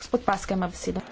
Gospod Paske ima besedo.